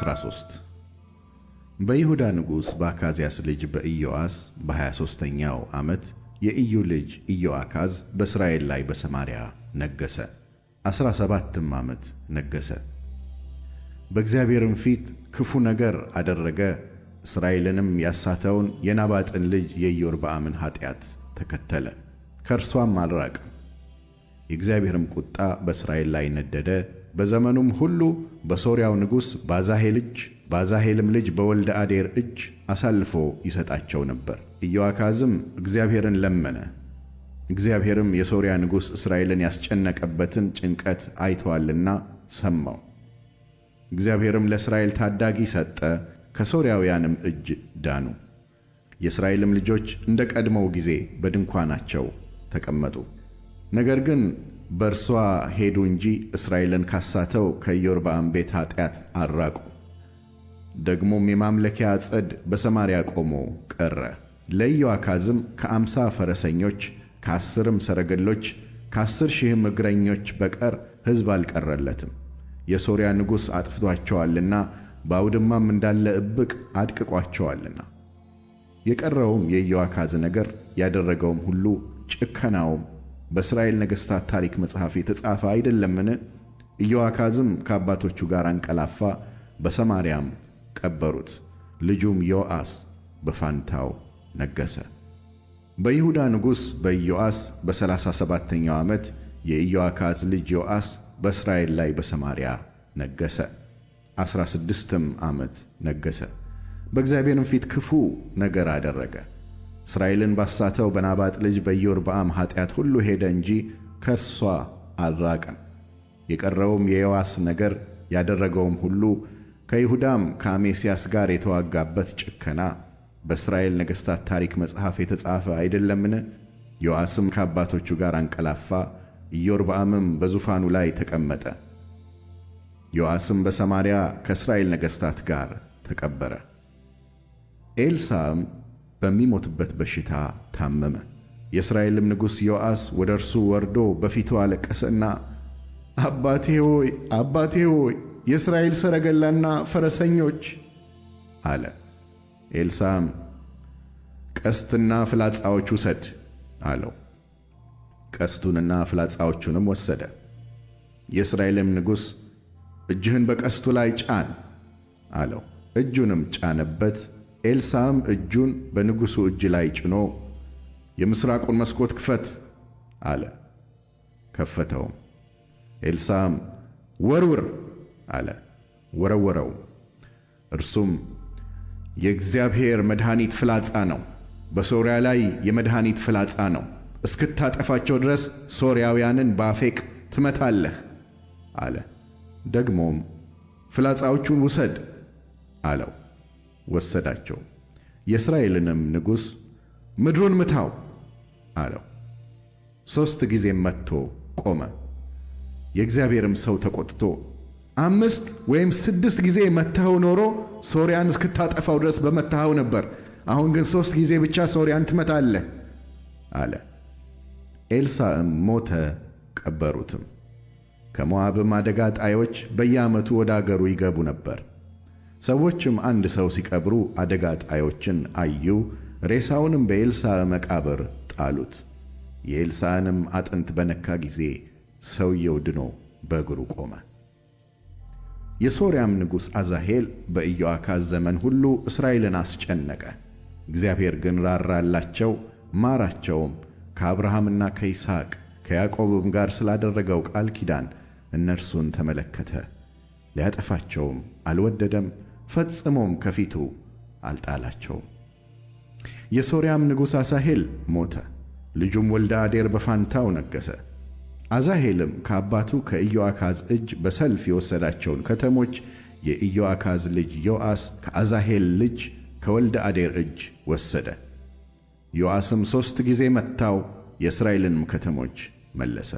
13 በይሁዳ ንጉሥ በአካዝያስ ልጅ በኢዮአስ 23 ኛው ዓመት የኢዩ ልጅ ኢዮአካዝ በእስራኤል ላይ በሰማርያ ነገሠ። 17 17ም ዓመት ነገሠ። በእግዚአብሔርም ፊት ክፉ ነገር አደረገ። እስራኤልንም ያሳተውን የናባጥን ልጅ የኢዮርብዓምን ኀጢአት ተከተለ፣ ከእርሷም አልራቅም። የእግዚአብሔርም ቁጣ በእስራኤል ላይ ነደደ። በዘመኑም ሁሉ በሶርያው ንጉሥ ባዛሄል ልጅ ባዛሄልም ልጅ በወልደ አዴር እጅ አሳልፎ ይሰጣቸው ነበር። ኢዮአካዝም እግዚአብሔርን ለመነ። እግዚአብሔርም የሶርያ ንጉሥ እስራኤልን ያስጨነቀበትን ጭንቀት አይተዋልና ሰማው። እግዚአብሔርም ለእስራኤል ታዳጊ ሰጠ፣ ከሶርያውያንም እጅ ዳኑ። የእስራኤልም ልጆች እንደ ቀድሞው ጊዜ በድንኳናቸው ተቀመጡ። ነገር ግን በእርሷ ሄዱ እንጂ እስራኤልን ካሳተው ከኢዮርብዓም ቤት ኃጢአት አራቁ። ደግሞም የማምለኪያ ጸድ በሰማርያ ቆሞ ቀረ። ለኢዮአካዝም ከአምሳ ፈረሰኞች ከአስርም ሰረገሎች ከአስር ሺህም እግረኞች በቀር ሕዝብ አልቀረለትም፤ የሶርያ ንጉሥ አጥፍቷቸዋልና በአውድማም እንዳለ እብቅ አድቅቋቸዋልና። የቀረውም የኢዮአካዝ ነገር፣ ያደረገውም ሁሉ ጭከናውም በእስራኤል ነገሥታት ታሪክ መጽሐፍ የተጻፈ አይደለምን? ኢዮአካዝም ከአባቶቹ ጋር አንቀላፋ፣ በሰማርያም ቀበሩት። ልጁም ዮአስ በፋንታው ነገሠ። በይሁዳ ንጉሥ በኢዮአስ በሠላሳ ሰባተኛው ዓመት የኢዮአካዝ ልጅ ዮአስ በእስራኤል ላይ በሰማርያ ነገሠ። ዐሥራ ስድስትም ዓመት ነገሠ። በእግዚአብሔርም ፊት ክፉ ነገር አደረገ። እስራኤልን ባሳተው በናባጥ ልጅ በኢዮርብዓም ኃጢአት ሁሉ ሄደ እንጂ ከእርሷ አልራቀም። የቀረውም የዮዋስ ነገር፣ ያደረገውም ሁሉ፣ ከይሁዳም ከአሜስያስ ጋር የተዋጋበት ጭከና በእስራኤል ነገሥታት ታሪክ መጽሐፍ የተጻፈ አይደለምን? ዮዋስም ከአባቶቹ ጋር አንቀላፋ፣ ኢዮርብዓምም በዙፋኑ ላይ ተቀመጠ። ዮዋስም በሰማርያ ከእስራኤል ነገሥታት ጋር ተቀበረ። ኤልሳም በሚሞትበት በሽታ ታመመ። የእስራኤልም ንጉሥ ዮአስ ወደ እርሱ ወርዶ በፊቱ አለቀሰና አባቴ ሆይ አባቴ ሆይ የእስራኤል ሰረገላና ፈረሰኞች አለ። ኤልሳም ቀስትና ፍላጻዎች ውሰድ አለው። ቀስቱንና ፍላጻዎቹንም ወሰደ። የእስራኤልም ንጉሥ እጅህን በቀስቱ ላይ ጫን አለው። እጁንም ጫነበት፣ ኤልሳም እጁን በንጉሡ እጅ ላይ ጭኖ የምሥራቁን መስኮት ክፈት አለ። ከፈተውም። ኤልሳም ወርውር አለ። ወረወረው። እርሱም የእግዚአብሔር መድኃኒት ፍላጻ ነው፣ በሶርያ ላይ የመድኃኒት ፍላጻ ነው፣ እስክታጠፋቸው ድረስ ሶርያውያንን በአፌቅ ትመታለህ አለ። ደግሞም ፍላጻዎቹን ውሰድ አለው። ወሰዳቸው። የእስራኤልንም ንጉሥ ምድሩን ምታው አለው። ሦስት ጊዜም መጥቶ ቆመ። የእግዚአብሔርም ሰው ተቆጥቶ አምስት ወይም ስድስት ጊዜ መትኸው ኖሮ ሶርያን እስክታጠፋው ድረስ በመታኸው ነበር። አሁን ግን ሦስት ጊዜ ብቻ ሶርያን ትመታለህ አለ። ኤልሳዕም ሞተ፣ ቀበሩትም። ከሞዓብም አደጋ ጣዮች በየዓመቱ ወደ አገሩ ይገቡ ነበር። ሰዎችም አንድ ሰው ሲቀብሩ አደጋ ጣዮችን አዩ። ሬሳውንም በኤልሳ መቃብር ጣሉት። የኤልሳንም አጥንት በነካ ጊዜ ሰውየው ድኖ በእግሩ ቆመ። የሶርያም ንጉሥ አዛሄል በኢዮአካዝ ዘመን ሁሉ እስራኤልን አስጨነቀ። እግዚአብሔር ግን ራራላቸው፣ ማራቸውም። ከአብርሃምና ከይስሐቅ ከያዕቆብም ጋር ስላደረገው ቃል ኪዳን እነርሱን ተመለከተ፣ ሊያጠፋቸውም አልወደደም። ፈጽሞም ከፊቱ አልጣላቸው የሶርያም ንጉሥ አሳሄል ሞተ፣ ልጁም ወልደ አዴር በፋንታው ነገሠ። አዛሄልም ከአባቱ ከኢዮአካዝ እጅ በሰልፍ የወሰዳቸውን ከተሞች የኢዮአካዝ ልጅ ዮአስ ከአዛሄል ልጅ ከወልደ አዴር እጅ ወሰደ። ዮአስም ሦስት ጊዜ መታው፣ የእስራኤልንም ከተሞች መለሰ።